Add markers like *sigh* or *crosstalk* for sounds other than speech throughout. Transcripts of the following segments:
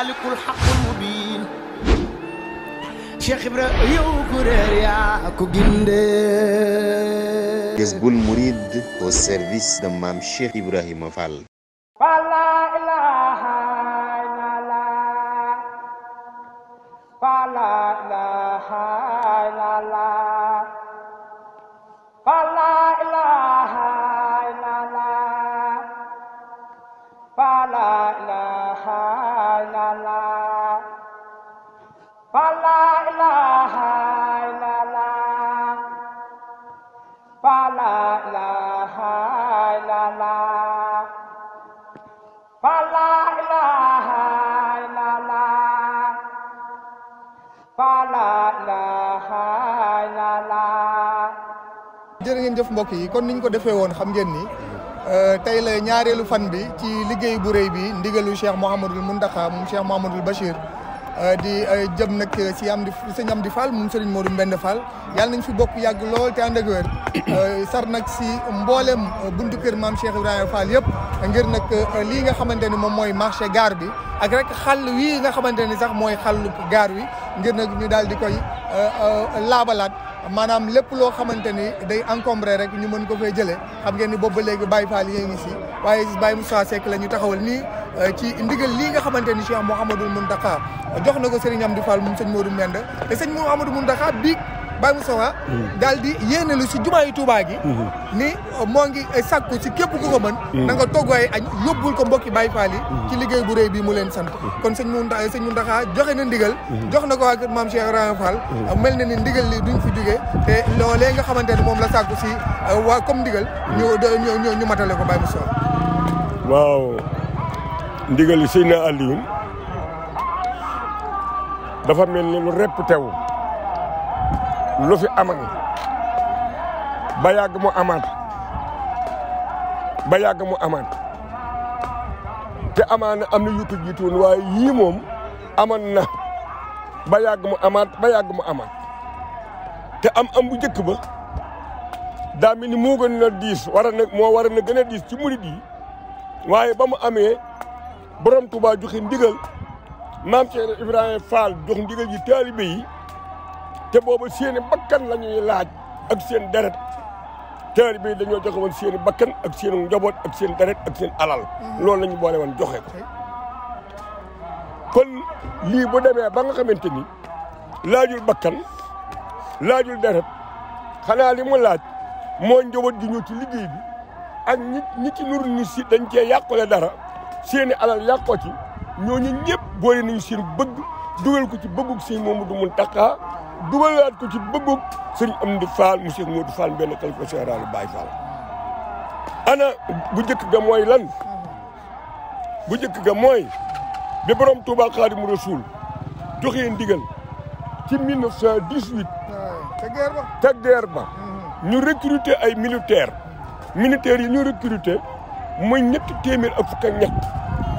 المالك الحق المبين شيخ ابراهيم كوريريا كوغيندي المريد هو سيرفيس دمام شيخ ابراهيم فال la la la la la la la la la la la jërë ngeen jëf mbokk yi kon niñ ko defee woon xam ngeen ni euh, tey la ñaareelu fan bi ci liggéey bu rëy bi ndigalu Cheikh Mouhamadul Mountakha moom Cheikh Mouhamadul Bachir euh, di euh, jëm nag si am di sëñ am di Fall moom sëriñ Modou Mbende Fall yàlla nañ fi bokk yàgg lool te ànd ak wér *coughs* sar nag si mboolem buntu kër maam Cheikh Ibrahima Fall yëpp ngir nag lii nga xamante ni moom mooy marché gaar bi ak rek xàll wii nga xamante ni sax mooy xàllu gaar wi ngir nag ñu daal di koy laabalaat maanaam lépp loo xamante ni day encombré rek ñu mën ko fee jëlee xam ngeen ni boobu ba léegi Baye Fall yee ngi si waaye Baye Moussa Seck la ñu taxawal nii ci ndigal lii nga xamante ni Cheikh mun Mountakha jox na ko Serigne Amdi Fall moom sëñ Modou Mbend te sëñ Mouhamadou Mountakha bii Baye ah. Moustapha mm-hmm. daal di yéene lu si jumaa yi mm-hmm. ni uh, moo ngi uh, sàkku si képp ku ko mën mm-hmm. na nga togg ay añ yóbbul ko mbokki Baye Fall yi ci liggéey bu réy bii mu leen sant kon sëñ mun uh, sëñ joxe na ndigal jox na ko waa kër maam mel na ni ndigal li duñ fi xamante ne moom la sàkku si waa kom ndigal ñu ñu matale ko Baye Moustapha waaw ndigal yi sëñ na dafa mel ni lu repp tew lu fi amal ba mu amaat ba yàgg mu amaat te amaana am na yu ko jiitu waaye yii moom amoon na ba yàgg mu amaat ba yàgg mu amaat te am am bu njëkk ba daa ni moo gën a diis war na moo war na gën a diis ci murid yi waaye ba mu amee borom Tuubaa joxe ndigal maam Cheikh Ibrahima Fall jox ndigal ji taalibe te boobu seeni bakkan la laaj ak seen deret teer bi dañoo joxe woon seeni bakkan ak seen njaboot ak seen deret ak seen alal mm-hmm. loolu lañu ñu boole woon joxe ko kon lii bu demee ba nga xamante ni laajul bakkan laajul deret xanaa li mu laaj moo njaboot gi ñëw ci liggéey bi ak nit ñi ci nur ni si dañ cee yàqule dara seeni alal yàqoo ci ñooñu ñëpp boole nañu bëgg dugal ko ci bëggug seen moomu du mun dugalaat ko ci bëggug sëriñ Amdi Fall mu Cheikh Modou Fall benn xalifa général Baye Fall ana bu njëkk ga mooy lan bu njëkk ga mooy bi borom Touba Xaadimu Rasuul joxe ndigal ci 1918 te guerre ba te guerre ba mhm. ñu recruter ay militaires militaires yi ñu recruter mooy ñetti téeméer ak fukk ak ñett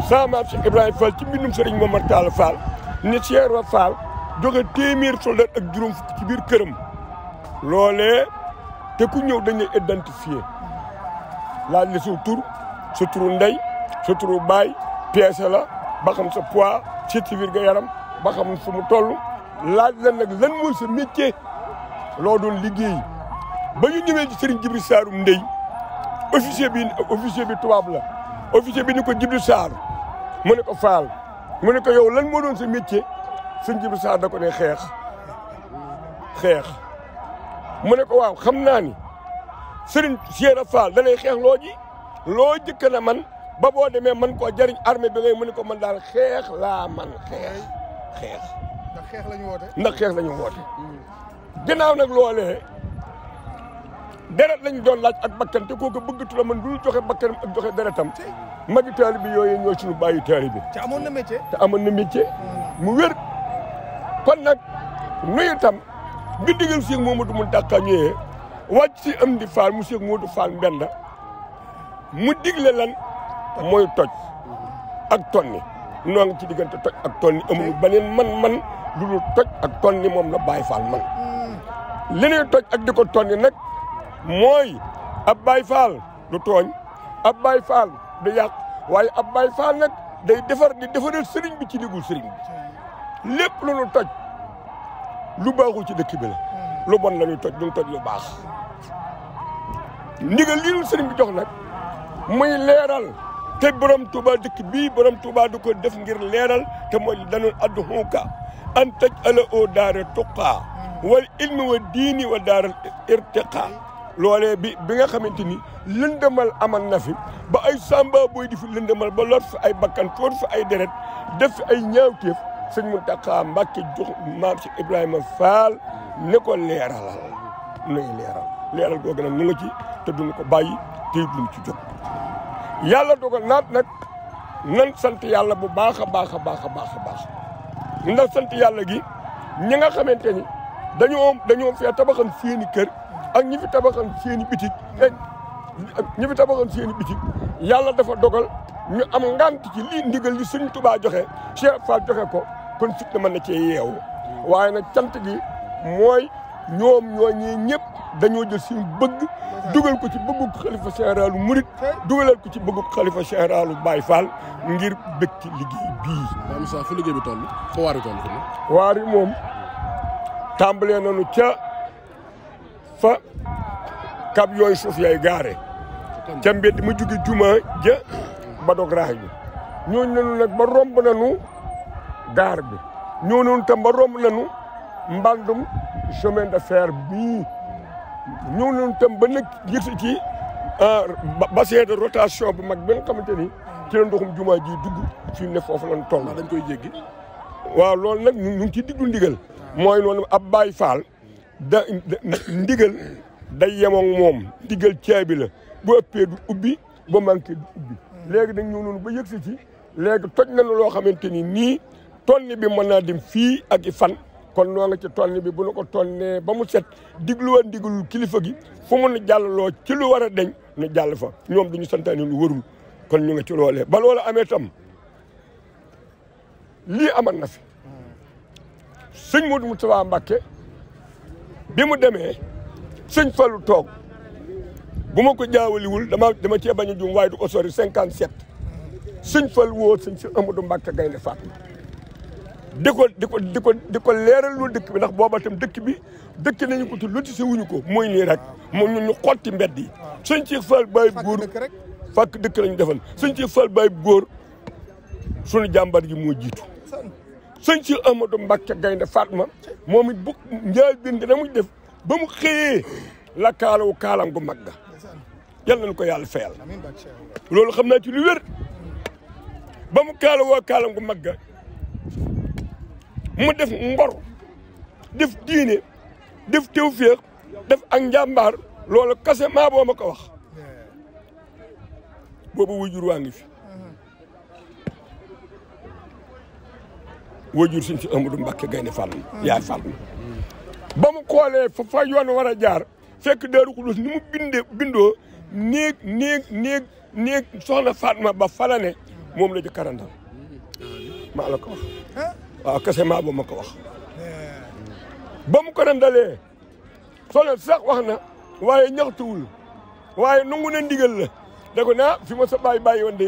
sama maam Cheikh Ibrahima Fall ci mbindum sëriñ Momar Talla Fall ni Cheikh Fall jóge téeméer soldat ak juróom fukk ci biir këram loolee te ku ñëw dañ lay identifié laaj la sa tur sa turu ndey sa turu baay peese la ba xam sa poids ci biir ga yaram ba xam fu mu toll laaj la nag lan mooy sa métier loo doon liggéey ba ñu ñëwee ci Serigne Jibril Saarum ndey officier bi officier bi tubaab la officier bi ni ko Jibril Saar mu ne ko Faal mu ne ko yow lan moo doon sa métier. sëñ Jibi Sarr da ko ne xeex xeex mu ne ko waaw xam naa ni sëriñ Cheikh Fall da lay xeex looji ji loo jëkk na man ba boo demee man ko jariñ armée bi ngay mu ne ko man daal xeex laa man xeex xeex. ndax xeex la woote. ndax xeex la ñu woote. ginnaaw nag loolee deret lañ doon laaj ak bakkan te kooku bëggatu la man du joxe bakkanam ak joxe deretam. magi taali bi yooyu ñoo suñu bàyyi taali bi. te amoon na métier. te amoon na métier mm. mu wér. kon nag nuyu itam bi digal Cheikh Mamadou Mountakha ñëwee wàcc ci Amdi Fall mu Cheikh Modou Fall Mbenda mu digle lan mooy toj ak tonni noo ngi ci diggante toj ak tonni amuñu beneen man-man lu dul toj ak tonni moom la Baye man li ñuy toj ak di ko tonni nag mooy ab Baye Fall du tooñ ab Baye Fall du yàq waaye ab Baye Fall nag day defar di defaral sëriñ bi ci diggu sëriñ lépp lu ñu toj lu baaxul ci dëkk bi la. lu bon la ñu toj duñ toj lu baax. ndigal lii lu sëriñ bi jox nag muy leeral te borom Touba dëkk bii borom Touba du ko def ngir leeral te mooy dañu adduhuka an taj ala oo daara tuqaa wal ilmi wa diini wa daara irtiqaa loolee bi bi nga xamante ni lëndëmal amal na fi ba ay samba booy di fi lëndëmal ba lor fi ay bakkan toor fi ay deret def fi ay ñaawteef sëñ Mountakha Mbacké jox maam si Ibrahima Fall ne ko leeralal nuy leeral leeral googu nag ñu nga ci te duñ ko bàyyi te duñ ci jóg yàlla dogal naat nag nan sant yàlla bu baax a baax a baax a baax a ndax sant yàlla gi ñi nga xamante ni dañoo dañoo fee tabaxan seeni kër ak ñi fi tabaxan seeni bitik ñu fi tabaxoon seen i bitik yàlla dafa dogal ñu am ngant ci lii ndigal li suñ tubaa joxe Cheikh Fall joxe ko kon fit na mën na cee yeewu waaye nag cant gi mooy ñoom ñoo ñii ñëpp dañoo jël suñu bëgg dugal ko ci bëggu xalifa généralu murit dugalal ko ci bëggu xalifa généralu Baye Fall ngir bëgg ci liggéey bii. waaw Moussa fu liggéey bi toll foo waar yi toll moom tàmbalee nañu ca fa kab yooyu suuf yaay gaare cambet mu jugi juma ja badog raay bi ñooñu nanu nag ba nanu gaar bi ñoo noonu tam ba romb nanu mbandum chemin de fer bii ñoo noonu tam ba nag yëtu ci euh, bassin de rotation bu mag bi nga xamante ni ci la ndoxum juma ji dugg fi mu ne foofu lan toll dañ koy jéggi waaw loolu nag ñu ngi ci diggu ndigal mooy noonu ab Baay Faal da ndigal day yemoon moom ndigal caabi la bu ëppee du ubbi ba manqué ubbi hmm. léegi dañ ñëw noonu ba yëgsi ci léegi toj na loo xamante ni nii tonni bi mën naa dem fii ak i fan kon noo nga ci tonni bi bu nu ko tonnee ba mu set digluwa diglu kilifa gi fu mun jàllaloo ci lu war a deñ nu jàll fa ñoom duñu santaane lu warul kon ñu nga ci loolee ba loola amee tam lii aman na fi sëñ Modou Moustapha Mbacké bi mu demee sëñ Fallou toog bu ma ko jaawaliwul dama dama cee bañ a waaye du ko sori cinquante sept sëñ fal woo sëñ si Amadou Mbacke Gaynde Fatma di ko di ko di ko di leeral lu dëkk bi ndax booba tam dëkk bi dëkk nañu ko te lu ci si wuñu ko mooy nii rek moom ñun ñu xotti mbedd yi sëñ ci fal baay góor fàkk dëkk lañu defal sëñ ci fal baay góor sunu jàmbar ji moo jiitu sëñ si Amadou Mbacke Gaynde Fatma moom it bu njaay bind na mu def ba mu xëyee la kaalawu kaalam gu mag ga yal nañu ko yàlla fayal loolu xam naa ci lu wér ba mu kaala woo kaala gu mag mu def ngor def diine def tawféex def ak njàmbaar loolu kase maa boo ko wax boobu wajur waa ngi fi wajur suñ si Amadou Mbacke Gaynde Fall yaay Fall ba mu xoolee fa fa yoon war a jaar fekk Daaru Xudoos ni mu bindoo néeg néeg néeg néeg soxna Fatma ba fala ne moom la jëkkarandal maa la ko wax waaw kese maa ba ma ko wax ba mu ko randalee soxna sax wax na waaye ñaxtuwul waaye nangu na ndigal la da ko naa ah, fi ma sa bàyyi bàyyi woon de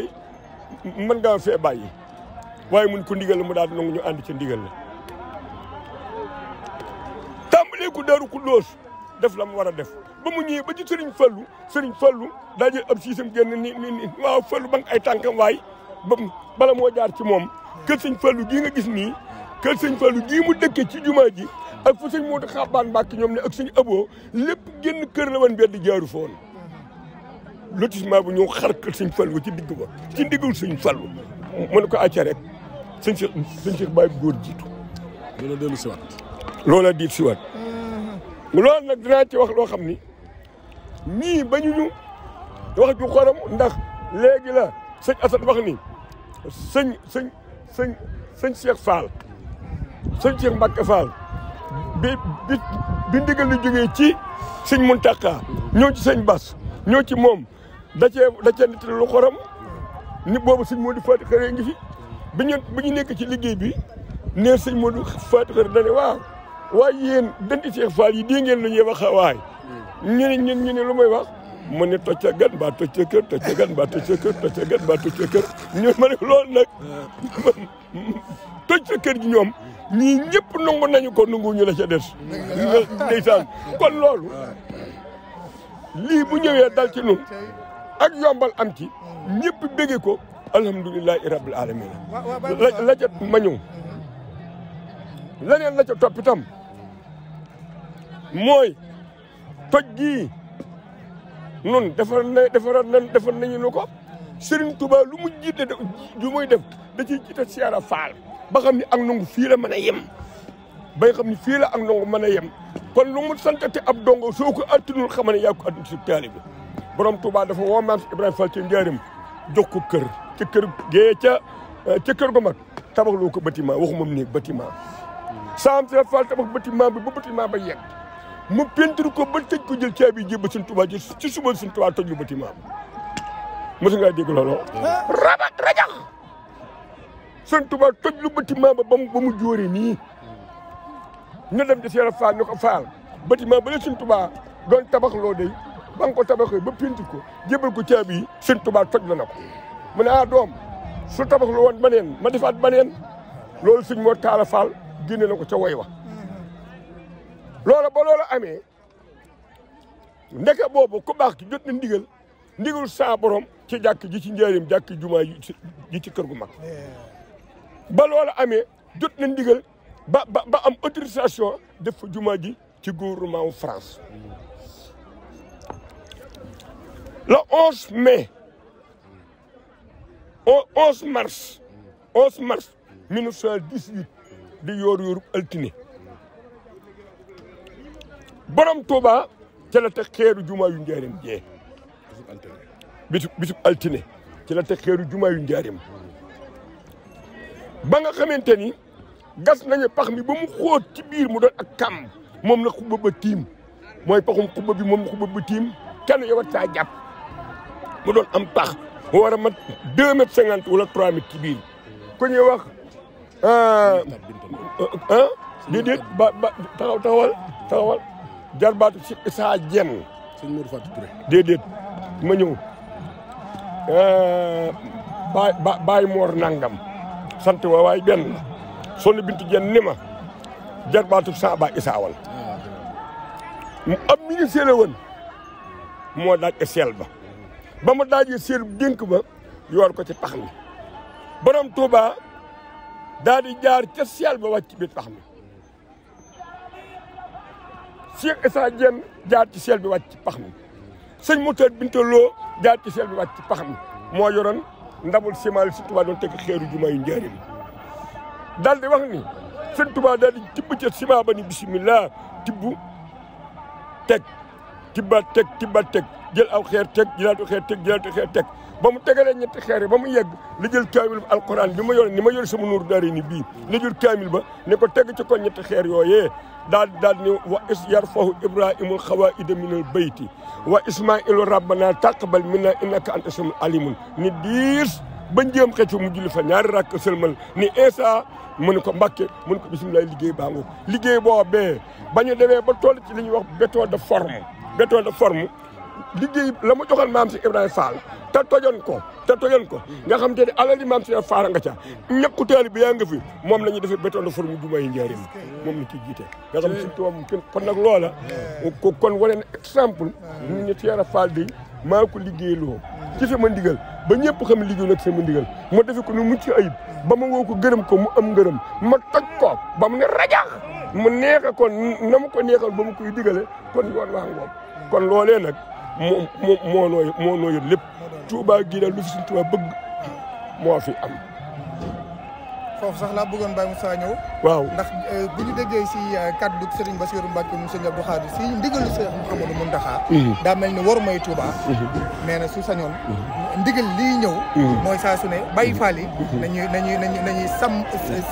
mën ngaa fee bàyyi waaye mun ko ndigal la mu daal nangu ñu ànd ca ndigal la tàmbalee ku daru ku doos def la mu war a def ba mu ñëwee ba ci Serigne Fallou Serigne Fallou daa jël ab siisam génn ni ni ni waaw ba ay tànkam waay ba bala moo jaar ci moom kër Serigne Fallou gii nga gis nii kër Serigne Fallou gii mu dëkke ci jumaa ji ak fu Serigne Modou Xabaan Mbàkke ñoom ne ak Serigne aboo lépp génn kër la woon mbedd jaaru foon lotissement bu ñëw xar kër Serigne Fallou ci digg ba ci ndiggul Serigne Fallou mu ne ko acca rek Serigne Cheikh Serigne Cheikh Baye góor jiitu loola dellu siwaat loola diit siwaat loolu nag dinaa ci wax loo xam ni ñii bañu ñu wax ju xorom ndax léegi la sëñ Assane wax ni sëñ sëñ sëñ sëñ Cheikh Fall sëñ Cheikh bi bi bi ndigal ci sëñ Mountakha ñoo ci sëñ Bass ñoo ci moom da cee da cee nit lu xorom ni boobu sëñ Modou Fatou Khare ngi fi bi ñu nekk ci liggéey bi nee sëñ Modou Fatou Khare da ne waaye yéen dënd Cheikh yi dégg ngeen lu ñuy wax waay ñu ne ñun ñu lu may wax mu ne toj ca gan ba toj ca kër toj gan ba toj ca kër toj ca gan ba toj ca ma ne loolu nag toj ca kër gi ñoom ñii ñëpp nangu nañu ko nangu ñu la ca des ndeysaan kon loolu lii bu ñëwee dal ci nun ak yombal am ci ñëpp bége ko alhamdulilahi rabbil alamin la la leneen la ca topp mooy toj gii nun defar na defar na defar nañu nu ko Serigne Touba lu mu jiite lu muy def da ciy jiite Cheikh Fall ba xam ni ak nangu fii la mën a yem bay xam ni fii la ak nangu mën a yem kon lu mu santati ab dongo soo ko attinul xama ne yaa ko attin si taalibe borom Touba def woo maam Ibrahima Fall ci njaarim jox ko kër ci kër gee ca euh, ca kër gu mag tabax loo ko bâtiment waxu moom néeg bâtiment saam Fall tabax bâtiment bi ba bâtiment ba yegg mu peinture ko ba tëj ko jël caabi jébba suñ tubaab ji ci suba suñ tubaab toj lu bâtiment bi mos ngaa dégg loolu rabat rajax suñ tubaab toj lu bâtiment ba bam ba mu jóore nii ñu dem di seera faal ñu ko faal bâtiment ba la suñ tubaab doon tabax loo day ba ko tabaxee ba peinture ko jébal ko caabi yi suñ tubaab toj la na ko mu ne ah doom su tabax loo woon baneen ma defaat baneen loolu suñ moo taala faal génne na ko ca woy wa loola bo loola amé ndeke bobu ku bax ki jot na ndigal ndigal sa borom ci jàkk ji ci njaarim jàkk jumaa ji ci kër gu mag ba loola amé jot na ndigal ba ba am autorisation def fa jumaa ji ci gouvernement de France le 11 mai 11 mars 11 mars 1918 di yor yor altine borom Touba ci la teg xeeru juma yu njaarim jee bisu bisu altine ci la teg xeeru juma yu njaarim ba nga xamante ni gas nañu pax mi ba mu xóot ci biir mu doon ak kam moom la xubba ba mooy paxum xubba bi moom xubba ba tiim kenn yow saa jàpp mu doon am pax mu war a mat deux mètres cinquante wala trois mètres ci biir ku ñuy wax ah déedéet ba ba taxaw taxawal jarbaatu si Issa Dieng. sëñ Modou ma ñëw Baye euh, Baye Nangam sant wa waay benn la sonn Bintu Dieng ni ma jarbaatu saa ba Issa wal mu am ministère la moo daaj échelle ba ba mu daajee séer dénk ba yoor ko ci pax mi borom Touba daal di jaar ca seel ba wàcc biir pax mi. Cheikh Issa Diène jaar ci sel bi wàcc ci pax mi sëñ Moutar Binta Lo jaar ci sel bi wàcc ci pax mi moo yoroon ndabul simaal si Touba doon teg xeeru jumaa yu njëriñ daal di wax ni sëñ Touba daal ba ni bisimilah tibb teg tibba teg tibba teg jël aw xeer teg jëlaatu xeer teg jëlaatu xeer teg ba mu tegalee ñetti xeer yi ba mu yegg li jël kaamil ba alquran bi ma yor ni ma yor sama nuur daari ni bii li jël kaamil ba ne ko teg ci kon ñetti xeer yooyee دال دالني وإسيرفه إبراهيم الخوائد من البيت وإسماعيل ربنا تقبل منا إنك أنت سم العليم نديس بنجيم كتشو مجيل فنار راك سلمل ني إيسا منك مبكي منك بسم الله لجي بانو لجي بوا بي بانيو دمي بطول تلين وقت بطول دفرم بطول دفرم liggéey la mu joxoon maam si Ibrahima Fall te tojoon ko te tojoon ko nga xam te ne alal di maam si Fall nga ca ñàkku teel bi yaa nga fi moom la ñuy defee béton de forme du may njëriñ moom la ciy jiite nga xam si tubaab kon nag loola ko kon wane exemple ñu ne Thiéra Fall di maa ku liggéeyloo ci sama ndigal ba ñëpp xam liggéey nag sama ndigal ma defe ko nu mucc ayib ba ma woo ko gërëm ko mu am ngërëm ma toj ko ba mu ne rajax mu neexa kon na ko neexal ba mu koy digale kon yoon waa ngoom kon loolee nag moo moo moo noo lépp. Touba gii daal lu fi suñ Touba bëgg moo fi am. foofu sax laa bëggoon Baye Moussa ñëw. waaw ndax euh, bu ñu déggee si euh, kaddu Serigne Bassirou Mbacke mu Serigne Abdou Khadre si ndigalu Cheikh Mouhamadou Mountakha. Mhm. daa mel ni war may Touba. Mhm. nee na su sañoon. Mhm. ndigal lii ñëw mhm. mooy saa su ne Baye mhm. Fall yi nañuy mhm. nañuy nañu nañuy sàmm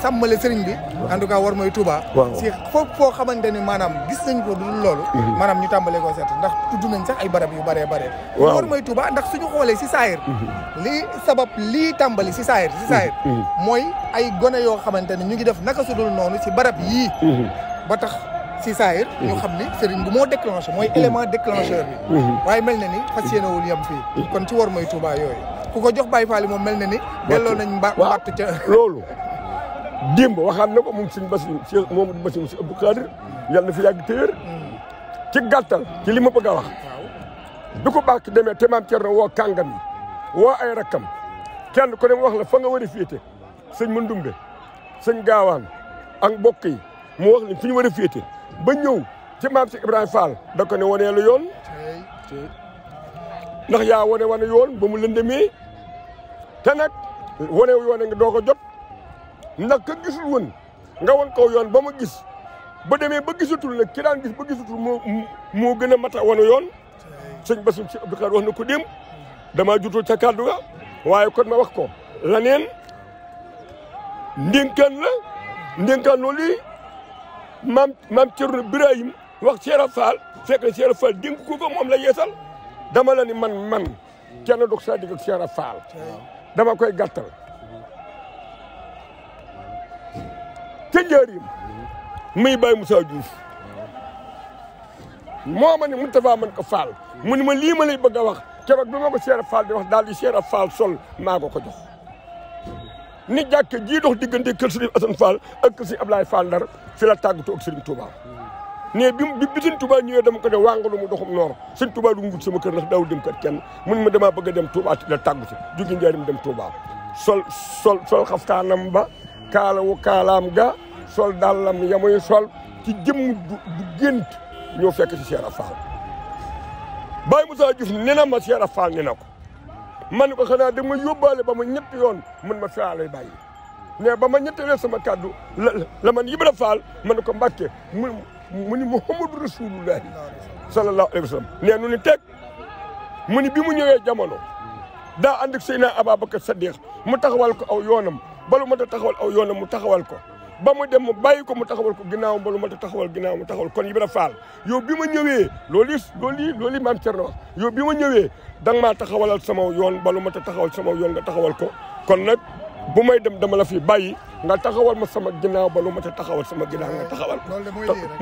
sàmmale sëriñ bi en tout cas war mooy Touba si foofu foo xamante ni maanaam gis nañ ko dul loolu maanaam ñu tàmbalee ko set ndax tudd nañ sax ay barab yu baree bare war mooy Touba ndax suñu xoolee si saayir lii sabab lii tàmbali si saayir si saayir mooy ay gone yoo xamante ne ñu ngi def naka su dul noonu si barab yii ba tax si saayir ñu xam ni sëriñ bi moo déclenché mooy mhm. élément déclencheur mhm. waaye mel na ni fas yéenewul yem fii kon ci war mooy Touba yooyu ku ko jox Baye Fall moom mel na ni delloo nañ mba mbatt ca loolu démb waxaat na ko moom suñ basi si moom basi si Abdou Khadir mhm. yàlla na fi yàgg téer ci gàttal ci li ma bëgg a wax du ko baax demee te maam Thierno woo kàngam yi woo ay rakkam kenn ku ne wax la fa nga war a féete sëñ Mandumbe sëñ Gaawaan mbokk yi mu wax leen fi war ba ñëw ci maam si Ibrahima Fall da ko ne waneelu yoon ndax yaa wane wane yoon ba mu lëndëmee te nag wanewu yoon a ngi doo ko jot ndax ka gisul woon nga won ko yoon ba mu gis ba demee ba gisatul na ki gis ba gisatul moo moo gën a mata wanu yoon sëñ basum ci abdoucar wax na ko démb damaa jutul ca kàddu ga waaye kon ma wax ko laneen ndénkaan la ndénkaan loolu maam maam Thierno Birahim wax Cheikh Fall fekk na Cheikh Fall dénk ko ko moom la yeesal dama la ni man man kenn dox saa digg ak Cheikh Fall dama koy gàttal te njëriñ muy Baye Moussa Diouf moo ma ne Moustapha man ko Fall mu ni ma lii ma lay bëgg a wax keroog bi ma ko Cheikh Fall di wax daal di Cheikh Fall sol maa ko ko jox ni jàkk jii dox diggante kër Serigne Assane Fall ak kër si Ablaye Fall Ndar fi la tàggatoo ak Serigne Touba ne bi bi Serigne Touba ñëwee dama ko ne wàngalu mu doxum noor si Touba du ngut sama kër ndax daawul dem kat kenn mun ma damaa bëgg a dem Touba la tàggu si jóge njaarim dem Touba sol sol sol xaftaanam ba kaalawu kaalaam ga sol dàllam yamuy sol ci jëmm du gént ñoo fekk si Cheikh Fall Baye Moussa Diouf nee na ma Cheikh Fall nee na ko man ko xanaa da nga yóbbaale ba ma ñetti yoon mun ma faa lay bàyyi mais ba ma ñettelee sama kàddu la la man Ibra Faal man ko Mbàkke mu mu ni Muhammadu Rasulullahi sallallahu alayhi wa sallam nee nu ni teg mu bi mu ñëwee jamono daa ànd ak Seydina Ababacar Sadiq mu taxawal ko aw yoonam balu ma ta taxawal aw yoonam mu taxawal ko ba mu dem mu bàyyi ko mu taxawal ko ginnaaw ba lu ma taxawal ginnaaw mu taxawal kon Ibra Fall yow bi ma ñëwee loolu loolu loolu maam Thierno wax yow bi ma ñëwee da nga maa taxawalal sama yoon ba lu ma taxawal sama yoon nga taxawal ko kon nag bu may dem dama la fi bàyyi nga taxawal ma sama ginnaaw ba lu ma taxawal sama ginnaaw nga taxawal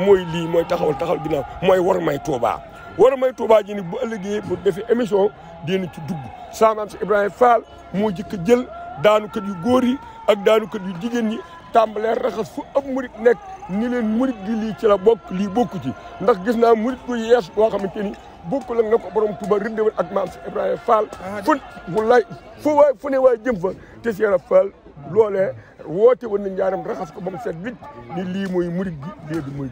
mooy lii mooy taxawal taxawal ginnaaw mooy war may Touba war may Touba ji ni bu ëllëgee bu defee émission dina ci dugg saamaam si Ibrahima Fall moo jëkk jël daanu kat góor yi ak daanu kat jigéen ñi tàmbalee raxas fu ab murit nekk ni leen murit gi lii ci la bokk lii bokku ci ndax gis naa murit gu yees boo xamante ni bokkul ak na ko borom Touba rëndewal ak maam si Ibrahima Fall ah, fun mu lay fu waay fu ne waay jëm fa te Seera Fall loolee woote woon na njaaram raxas ko ba mu seet wicc ni lii mooy murit gi léegi mooy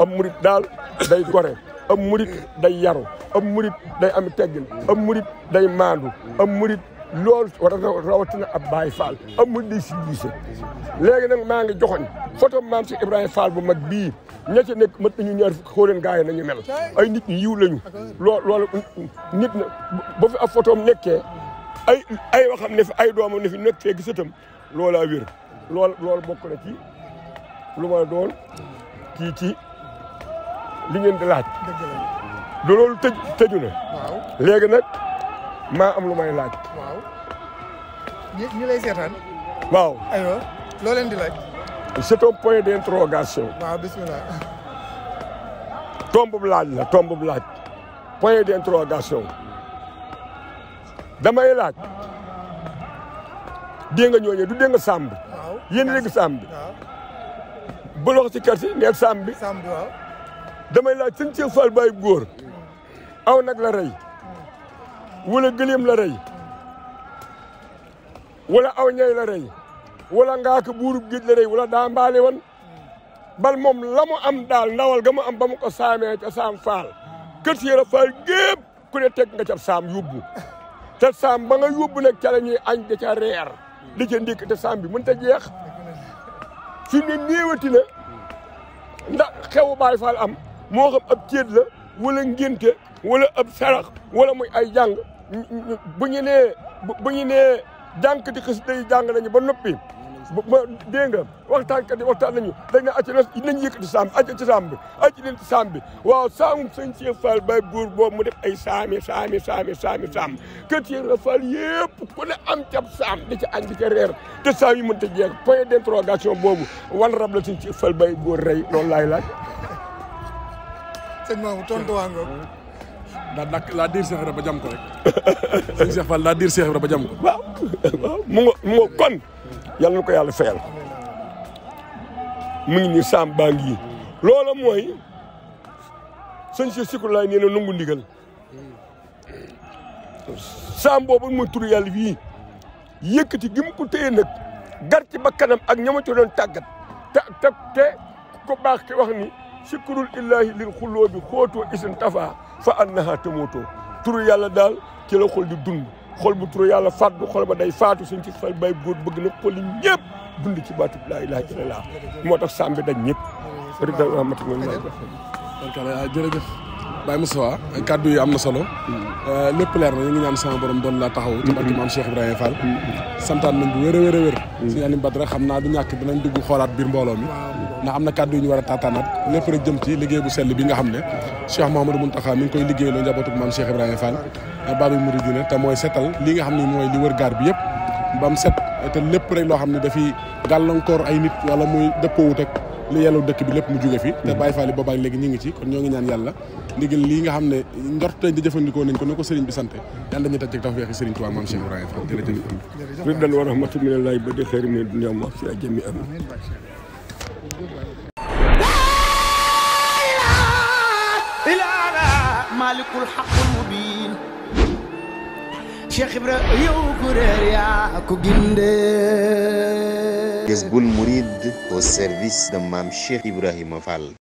am murit daal day gore am murit day yaru am murit day am teggin am murit day maandu am murit loolu war a rawatina ab Baye Fall amul di si gisee léegi nag maa ngi joxoon photo maam si Ibrahima Fall bu mag bii ña nekk mat nañu ñaar fukki xóoleen gaa yi nañu mel ay nit ñu yiw lañu loo loolu nit na ba fi ab photo am nekkee ay ay waxam ne fi ay doomam ne fi nekkee gisatam loolaa wér loolu loolu bokk na ci lu ma doon kii ci li ngeen di laaj. dëgg loolu tëj tëju na. léegi nag. ma am lu may laaj. waaw ñi ñi lay seetaan. waaw ayo loo leen di laaj. c'est un point d'interrogation. waaw bismillah. tombub laaj la tombub laaj. point d'interrogation damay laaj dégg nga ñooñu du dégg nga sàmm bi. waaw yéen dégg sàmm bu loxo ci kër si nekk sàmm bi. sàmm waaw. damay laaj sëñ Cheikh Fall Baye góor aw nag la rey. ولا قليم لري ولا أوني لري ولا نعاك بورب جد لري ولا دام باليون بل مم لم أم دال نوال جم أم بام كسامة كسام فال كثير فال جيب كل تك نجاب سام يوبو تسام بعه يوبو نكالني عن دكارير لجندي كتسام بي من تجيه في النية وتنا لا خو باي فال أم مو أب تيرلا ولا نجنت ولا أب ولا مي أيجان bu ñu nee bu ñu nee jànk di xis day jàng nañu ba noppi ba dégg nga waxtaan kat yi waxtaan nañu dañ ne acca nañu yëkkati saam acca ci saam bi acca leen ci saam bi waaw saamum sëñ Cheikh Fall bay mu def ay saami saami saami saami saam kër Cheikh la Fall yëpp ku ne am cab saam da ci añ di ca reer te saam yi mën ta jeex point d'interrogation boobu wan rab la sëñ Cheikh Fall bay buur rey loolu laay laaj sëñ Mamadou daa dakk laa diir Cheikh Ibra ba jam ko rek *laughs* ba jam ko mu nga mu nga kon yàlla na ko yàlla fayal mu ngi ni saam baa ngi loola mooy sëñ Cheikh Sikul laay nee na nangu ndigal saam boobu mooy turu yàlla bii yëkkati gi mu ko téye nag gar ci bakkanam ak ñama ci doon tàggat te ko baax ki wax ni sikurul illahi lil xuloo xootoo isin tafaa fa annaha tamuutoo turu yàlla daal ci la xol di dund xol bu turu yàlla fàddu xol ba day faatu suñ ci xol bay góor bëgg na xol yi ñëpp dund ci baatu laa ilaaha illallaah moo tax sàmm bi dañ ñëpp. rida rahmatullahi jërëjëf. Baye Moustapha kàddu yi am na solo euh, lépp leer na ñu ngi ñaan sama borom doon la taxaw ci barke maam Cheikh Ibrahima Fall santaan nañ a a xam naa du ñàkk dinañ dugg xoolaat biir mbooloo mi ndax am na kàddu yu ñu war a taataanaat ci liggéey bu sell bi nga xam ne Cheikh Mouhamadou Mountakha mi ngi koy liggéey loo njabootu maam Cheikh Ibrahima Fall euh, Babi nga xam ne mooy li wër gaar bi yëpp ba set te lépp rek loo xam ne dafiy gàllankoor ay nit wala muy dëppoowut ak li yellu dëkk bi lépp mu jóge fi te Baye Fall yi boobaak léegi ñu ngi ci kon ñoo ngi ñaan yàlla ndigal lii nga xam ne njort nañ di jëfandikoo nañ ko na ko sëriñ bi sante yaan dañuy tajjeg taw feexi sëriñ Tuubaa maam Cheikh Ibrahima Fall jërëjëf riddan wa rahmatu minallahi ba di xeeri mi dunya ma fi ajami amin مالك الحق المبين شيخ ابراهيم يا كوجندي فيسبول مريد والسيرفيس دمام الشيخ إبراهيم فال